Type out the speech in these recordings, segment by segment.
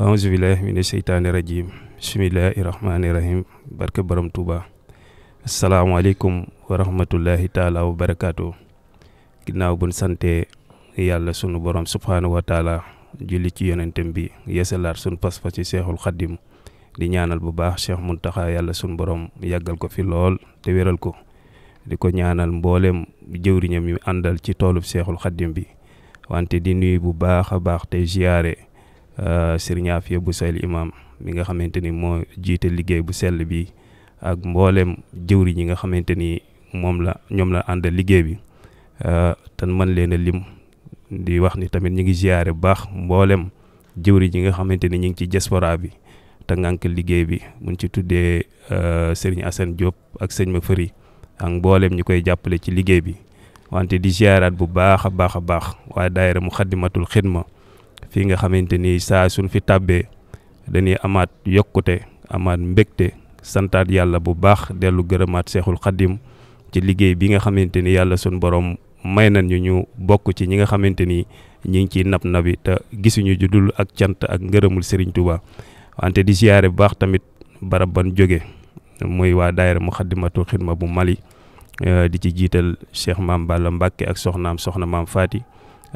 aousubillahi mina sheytaani rajim bismillahi rahmaani rahim barke borom Tuuba asalaamaaleykum wa rahmatullahi taala wa barakaatu ginnaaw buñ sante yàlla sunu borom subhaanahu wa julli ci yonentem bi yeesalaat sunu pas-pas ci seexul xaddim di ñaanal bu baax Cheikh Muntaxa yàlla sunu borom yàggal ko fi lool te wéral ko di ko ñaanal mboolem jëwriñam mi àndal ci toolub seexul xaddim bi wante di nuy bu baax a baax te ziyaare Euh, Serigne Afia bu sayl imam mi nga xamante ni moo jiite liggéey bu sell bi ak mboolem jëwri ñi nga xamante ni moom la ñoom la àndal liggéey bi euh, te mën leen a lim di wax ni tamit ñu ngi ziare bu baax mboolem jëwri ñi nga xamante ni ñu ngi ci diaspora bi te ngànk liggéey bi mu ci tuddee euh, Serigne Assane Diop ak sëñ ma fëri ak mboolem ñu koy jàppale ci liggéey bi wante di ziaraat bu baax a baax a baax waaye daayira mu xaddimatul xidma fi nga xamante ni saa suñ fi tàbbee dañuy amaat yokkute amaat mbégte santaat yàlla bu baax dellu gërëmaat seexul xaddim ci liggéey bi nga xamante ni yàlla sun borom may nañ ñu ñu bokk ci ñi nga xamante ni ñu ngi ciy nab nabi te gisuñu ju dul ak cant ak ngërëmul Serigne Touba wante di siyaare bu baax tamit barab ban jóge mooy waa daayira Muxaddamatul Xidma bu Mali eh, di ci jiital Cheikh Maam Balla Mbàkke ak soxnaam soxna maam Faati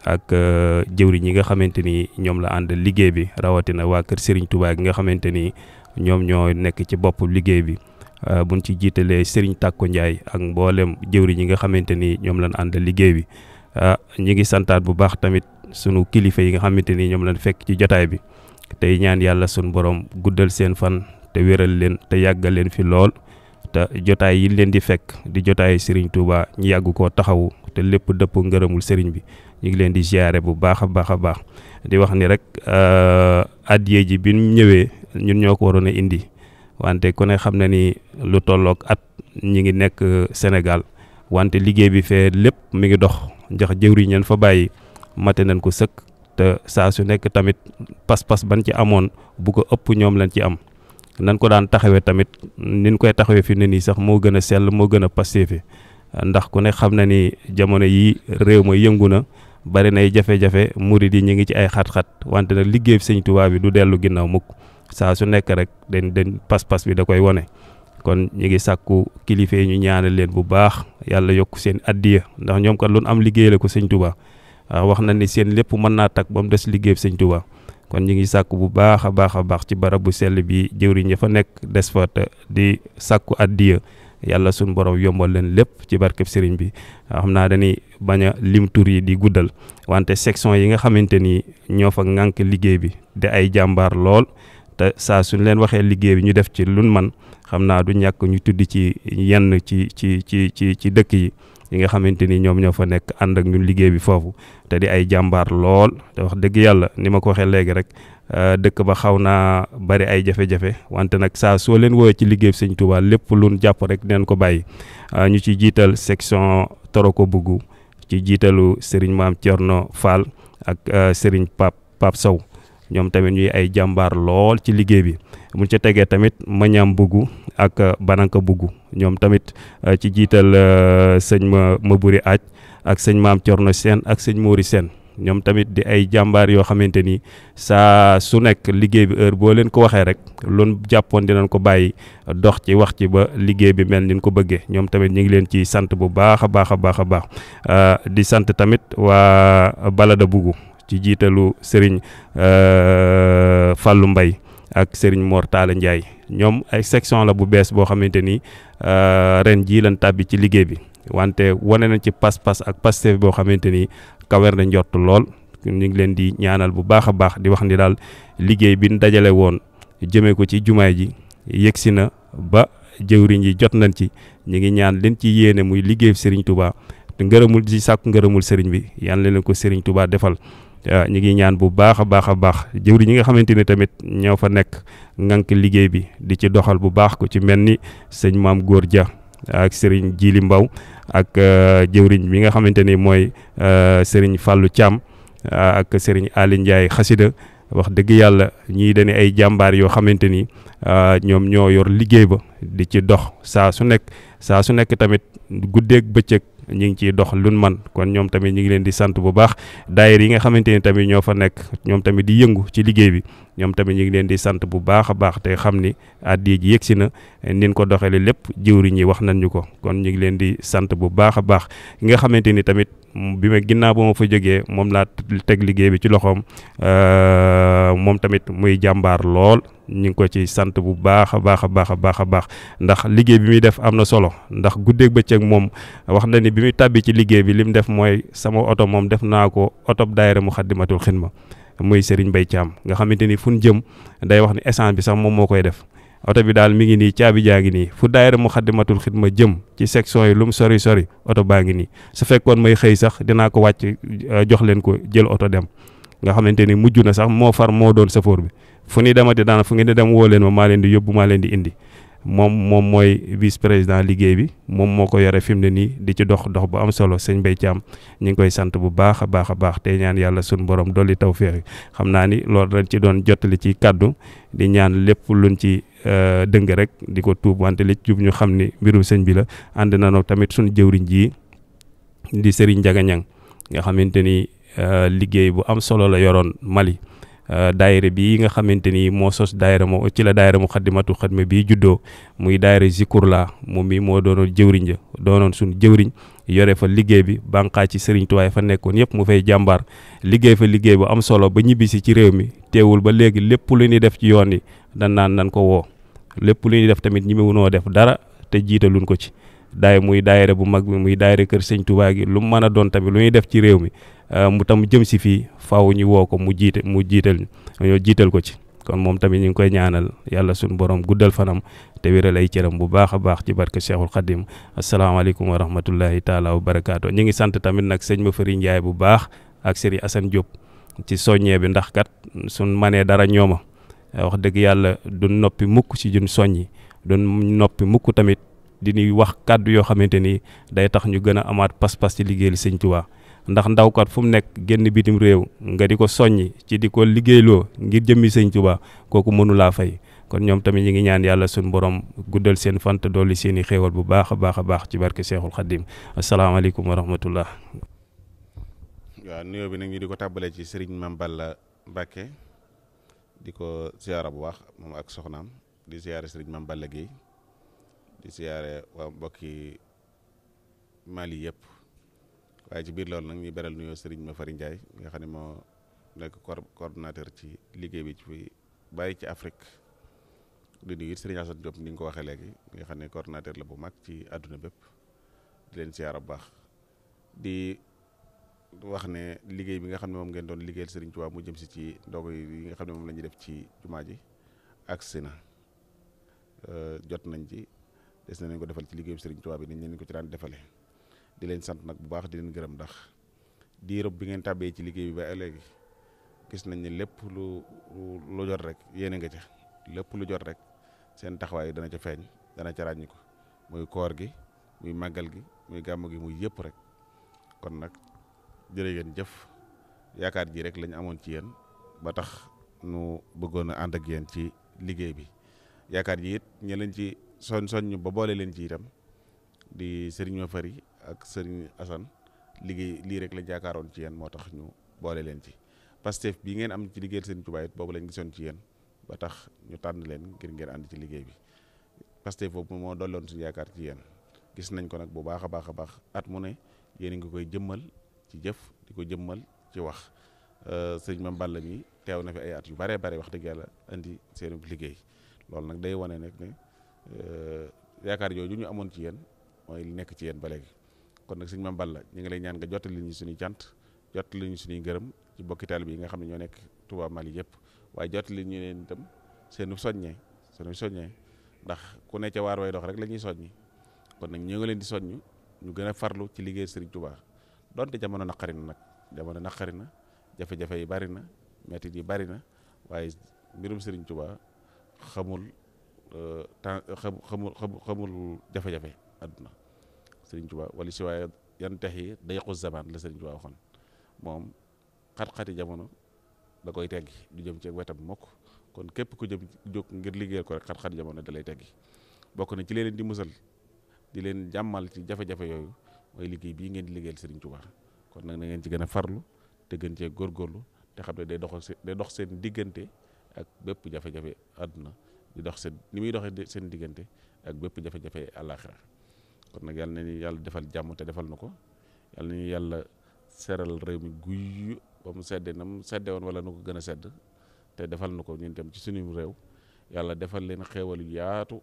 ak euh, jëwriñ yi nga xamante ni ñoom la ànd liggéey bi rawatina waa kër Serigne Touba gi nga xamante ni ñoom ñoo nekk ci bopp liggéey bi euh, buñ ci jiitalee Serigne takku Ndiaye ak mboolem jëwriñ yi nga xamante ni ñoom lañ ànd liggéey bi ah euh, ñu ngi santaat bu baax tamit sunu kilifa yi nga xamante ni ñoom lañ fekk ci jotaay bi tey ñaan yàlla sun borom guddal seen fan te wéral leen te yàggal leen fi lool. te jotaay yi leen di fekk di jotaay Serigne Touba ñu yàgg koo taxawu te lépp dëpp ngërëmul Serigne bi. ñu ngi leen di ziare bu baax a baax a baax di wax ni rek euh, addiya ji bi mu ñëwee ñun ñoo ko waroon a indi wante ku ne xam na ni lu tollook at ñu ngi nekk Sénégal wante liggéey bi fee lépp mi ngi dox ndax jëwriñ ñeen fa bàyyi mate nañ ko sëkk te saa su nekk tamit pas-pas ban ci amoon bu ko ëpp ñoom lañ ci am nan ko daan taxawee tamit niñ koy taxawee fi ne nii sax moo gën a sell moo gën a passé fi ndax ku ne xam na ni jamono yii réew ma yëngu na bari nay jafe-jafe murid yi ñu ngi ci ay xat-xat wante nag liggéey sëñ Tuubaa du dellu ginnaaw mukk saa su nekk rek dañ dañ pas-pas bi da koy wone kon ñu ngi sàkku kilifa yi ñu ñaanal leen bu baax yàlla yokk seen addiya ndax ñoom kat loolu am liggéey ko sëñ Tuubaa ah, wax na ni seen lépp mën naa takk ba mu des liggéey sëñ Tuubaa kon ñu ngi sàkku bu baax a baax a baax ci barab bu sell bi jëwriñ ya fa nekk des fa di sàkku addiya yàlla suñ borom yombal leen lépp ci barkeb sëriñ bi xam naa dañuy bañ a lim tur yi di guddal wante section yi nga xamante ni ñoo fa ŋànk liggéey bi de ay jàmbaar lool te saa suñ leen waxee liggéey bi ñu def ci luñ man xam naa du ñàkk ñu tudd ci yenn ci ci ci ci ci dëkk yi yi nga xamante ni ñoom ñoo fa nekk ànd ak ñu liggéey bi foofu te di ay jàmbaar lool te wax dëgg yàlla ni ma ko waxee léegi rek euh, dëkk ba xaw naa bari ay jafe-jafe wante nag saa soo leen woowee ci liggéey bi sëñ Touba lépp luñ jàpp rek dinañ ko bàyyi euh, ñu ci jiital section Toroko Buggu ci jiitalu Serigne Maam Thierno Fall ak euh, Serigne Pape Pape ñoom tamit ñuy ay jàmbaar lool ci liggéey bi mu ca tegee tamit mañaam buggu ak euh, bananka buggu ñoom tamit euh, ci jiital euh, sëñ ma Maburi Aaj ak sëñ maam Corno Seen ak sëñ Moori Seen ñoom tamit di ay jàmbaar yoo xamante ni saa su nekk liggéey bi heure boo leen ko waxee rek loolu jàppoon di dinañ ko bàyyi dox ci wax ci ba liggéey bi mel niñ ko bëggee ñoom tamit ñu ngi leen ci sant bu baax a baax a baax a baax di sant tamit waa Balada buggu ci jiitalu Serigne euh, Fallou mbay ak Serigne Mor Talla Ndiaye ñoom ay section la bu bees boo xamante ni euh, ren jii lan tàbbi ci liggéey bi wante wane nañ ci pas-pas ak Pastef boo xamante ni kawer na njort lool ñu ngi leen di ñaanal bu baax a baax di wax ni daal liggéey bi ñu dajale woon jëmee ko ci jumaay ji yegsi na ba jëwriñ yi jot nañ ci ñu ngi ñaan leen ci yéene muy liggéey Serigne Touba te ngërëmul ci sàkk ngërëmul Serigne bi yàlla leen ko Serigne Touba defal. ñu ngi ñaan bu baax a baax a baax jëwri ñi nga xamante ni tamit ñoo fa nekk ngànk liggéey bi di ci doxal bu baax ku ci mel ni sëñ maam góor ja ak sëriñ jiili Mbaw ak euh, jëwriñ bi nga xamante ni mooy sëriñ Fàllu Caam ak sëriñ Ali Ndiaye xasida wax dëgg yàlla ñii dañu ay jàmbaar yoo xamante ni euh, ñoom ñoo yor liggéey ba di ci dox saa su nekk saa su nekk tamit guddeeg bëccëg ñu ngi ciy dox luñ man kon ñoom tamit ñu ngi leen di sant bu baax daayir yi nga xamante ni tamit ñoo fa nekk ñoom tamit di yëngu ci liggéey bi ñoom tamit ñu ngi leen di sant bu baax a baax te xam ni addiya ji yëgsi na nin ko doxalee lépp jiwri ñi wax nañ ñu ko kon ñu ngi leen di sant bu baax a baax ki nga xamante ni tamit bi ma ginnaaw ba ma fa jógee moom laa teg liggéey bi ci loxoom euh, moom tamit muy jàmbaar lool ñu ngi ko ci sant bu baax a baax a baax a baax a baax ndax liggéey bi muy def am na solo ndax guddeeg bëccëg moom wax na ni bi mu tàbbi ci liggéey bi li mu def mooy sama oto moom def naa ko oto mu daayira Muxaddamatul ma muy Serigne Mbaye caam nga xamante ni fu ñu jëm day wax ni essence bi sax moom moo koy def oto bi daal mi ngi nii caabi jaa ngi nii fu daayira mu xaddimatul xidma jëm ci section yi lu mu sori sori oto baa ngi nii su fekkoon may xëy sax dinaa ko wàcc euh, jox leen ko jël oto dem nga xamante ni mujj na sax moo far moo doon safoor bi fu ni demati daana fu ngeen di dem woo leen ma maa leen di yóbbu maa leen di indi moom moom mooy vice président liggéey bi moom moo ko yore fi mu ne nii di ci dox dox bu am solo sëñ Mbaye Thiam ñu ngi koy sant bu baax a baax a baax tey ñaan yàlla suñ borom taw tawféex yi xam naa ni loolu dañ ci doon jottali ci kàddu di ñaan lépp luñ ci euh, dëng rek di ko tuub wante li jub ñu xam ni mbirum sëñ bi la ànd na nag tamit suñu jëwriñ ji di Serigne Ndiaga Niang nga xamante ni euh, liggéey bu am solo la yoroon Mali. Euh, daayira bii nga xamante ni moo sos daayira moo ci la daayira mu xaddimatu xadme bii juddoo muy daayira Zikurla moom mi moo doonoon jëwriñ ja doonoon suñu jëwriñ yore fa liggéey bi bànqaay ci Serigne Touba fa nekkoon yëpp mu fay jàmbaar liggéey fa liggéey bu am solo ba ñibbisi ci réew mi teewul ba léegi lépp lu ñuy def ci yoon yi dan naan nan ko woo lépp lu ñuy def tamit ñi mu mënoo def dara te jiitaluñ ko ci daay muy daayira bu mag bi muy daayira kër sëñ Touba gi lu mu mën a doon tamit lu ñuy def ci réew mi euh, mu tam jëm si fii faw ñu woo ko mu jiite mu jiital ñu jiital ko ci kon moom tamit ñu ngi koy ñaanal yàlla suñu borom guddal fanam te wéral ay cëram bu baax a baax ci barke Cheikhul Khadim asalaamaaleykum wa rahmatullahi taala wa barakaatu ñu ngi sant tamit nag sëñ ma fëri Ndiaye bu baax ak sëriñ Assane Diop ci soññee bi ndax kat suñ manee dara ñooma wax dëgg yàlla du noppi mukk ci jun soññi du noppi tamit di nuy wax kàddu yoo xamante ni day tax ñu gën a amaat pas-pas ci liggéeyal sëñ Tuubaa ndax ndawkat fu mu nekk génn bitim réew nga di ko soññ ci di ko liggéeyloo ngir jëmmi sëñ Tuubaa kooku mënu laa fay kon ñoom tamit ñu ngi ñaan yàlla suñu borom guddal seen fant dool yi seeni xéewal bu baax a baax a baax ci barke Seexul Xaddim asalaamaaleykum wa rahmatullah waaw nuyoo bi nag ñu di ko tàbbalee ci sëriñ Mame Balla Mbàkke di ko ziyaara bu wax moom ak soxnaam di ziyaara sëriñ Mame Balla di siyaare waa mbokki Mali yëpp waaye ci biir loolu nag ñuy beral nuyoo sëriñ ma Mafari Ndiaye nga xam ne moo nekk coordonnateur ci liggéey bi ci bàyyi ci Afrique di nuyu sëriñ Assane ni nga ko waxee léegi nga xam ne coordonnateur la bu mag ci àdduna bépp di leen siyaara bu baax di wax ne liggéey bi nga xam ne moom ngeen doon liggéeyal sëriñ Tuubaa mu jëm si ci ndogu yi nga xam ne moom la ñuy def ci jumaa ji agsi na jot nañ ci des na leen ko defal ci liggéeyu Serigne Touba bi nañ leen ko ci daan defale di leen sant nag bu baax di leen gërëm ndax diirub bi ngeen tàbbee ci liggéey bi ba léegi gis nañ ne lépp lu lu jot rek yéene nga ca lépp lu jot rek seen taxawaay dana ca feeñ dana ca ràññi ko muy koor gi muy màggal gi muy gàmm gi muy yëpp rek kon nag jërë ngeen jëf yaakaar ji rek lañ amoon ci yéen ba tax nu bëggoon a ànd ak yéen ci liggéey bi yaakaar ji it ñe leen ci soñ soññ ba boole leen ci itam di sëriñ ma fari ak sëriñ Assane liggéey lii rek la jaakaaroon ci yenn moo tax ñu boole leen ci Pastef bi ngeen am ci liggéeyal seen Tuubaa it boobu lañ gisoon ci yéen ba tax ñu tànn leen ngir ngeen ànd ci liggéey bi Pastef foofu moo dolloon suñu yaakaar ci yenn gis nañ ko nag bu baax a baax a baax at mu ne yéen a ngi koy jëmmal ci jëf di ko jëmmal ci wax euh, sëriñ Mame Balla mi teew na fi ay at yu bare bare wax dëgg yàlla indi seen liggéey loolu nag day wane nag ne Euh, yaakaar jooju ñu amoon ci yéen mooy li nekk ci yéen ba léegi kon nag sëñ Mame Balla ñu ngi lay ñaan nga jottali ñu suñuy cant jottali ñu suñuy ngërëm ci bokki taalibe yi nga xam ne ñoo nekk Touba Mali yëpp waaye jottali ñu leen itam seenu soññee seenu soññee ndax ku ne ca waar dox rek la ñuy soññi kon nag ñu nga leen di soññ ñu gën a farlu ci liggéey Serigne Touba donte jamono naqari na nag jamono naqari na jafe-jafe yi bari na mettit yi bari na waaye mbirum sëriñ Touba xamul temps xamul xamul xamul jafe-jafe àdduna sëriñ Tuubaa wala si waaye yan day xus zamaan la sëriñ Tuubaa waxoon moom xat-xati jamono da koy teggi du jëm ci wetam mokk kon képp ku jëm jóg ngir liggéeyal ko rek xat jamono da lay teggi bokk na ci leen di musal di leen jàmmal ci jafe yooyu mooy liggéey bii ngeen di liggéeyal sëriñ Tuubaa kon nag na ci gën a farlu te gën cee góorgóorlu te xam day dox day dox seen diggante ak bépp jafe-jafe àdduna di dox seen ni muy doxee seen diggante ak bépp jafe-jafe àllaaxira kon nag yàlla na ñu yàlla defal jàmm te defal na ko yàlla na yàlla seral réew mi guy mu sedde na mu sedde woon wala nu ko gën a sedd te defal na ko ñun tam ci suñu réew yàlla defal leen xéewal yu yaatu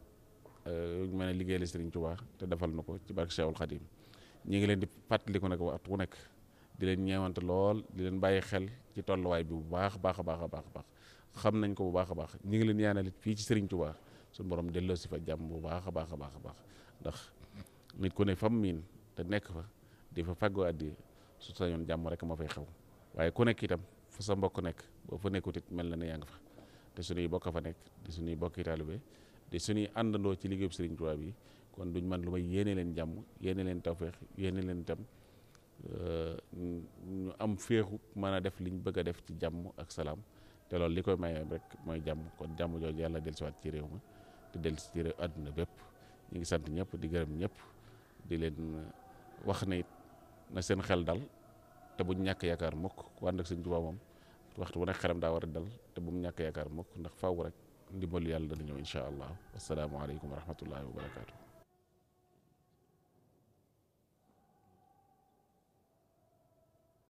euh, ñu mën a liggéeyal Sëriñ Tuubaa te defal na ko ci barke Seexul Xadiim ñi ngi leen di fàttaliku nag waxtu wu nekk di leen ñeewante lool di leen bàyyi xel ci tolluwaay bi bu baax baax a baax a baax a baax xam nañ ko bu baax a baax ñu ngi leen ñaanal it fii ci Serigne Touba suñu borom delloo si fa jàmm bu baax a baax a baax a baax ndax nit ku ne fam miin te nekk fa di fa fàggoo addi su sañoon jàmm rek moo fay xew waaye ku nekk itam fa sa mbokk nekk boo fa nekkut it mel na ne yaa fa te suñuy bokk fa nekk di suñuy bokki bi di suñuy àndandoo ci liggéeyub Serigne Touba bi kon duñ man lu may yéene leen jàmm yéene leen tawféex yéene leen itam euh, ñu am féexu mën a def liñ bëgg a def ci jàmm ak salaam te loolu li koy maye rek mooy jàmm kon jàmm jooju yàlla dellusiwaat ci réew mi te dellusi ci réew àdduna bépp ñu ngi sant ñëpp di gërëm ñëpp di leen wax na it na seen xel dal te bu ñàkk yaakaar mukk ku ànd ak sëñ Tuubaa moom waxtu bu nekk xelam daa war a dal te bu mu ñàkk yaakaar mukk ndax faaw rek ndimbalu yàlla dana ñëw incha allah wasalaamualeykum wa rahmatullahi wa barakaatu.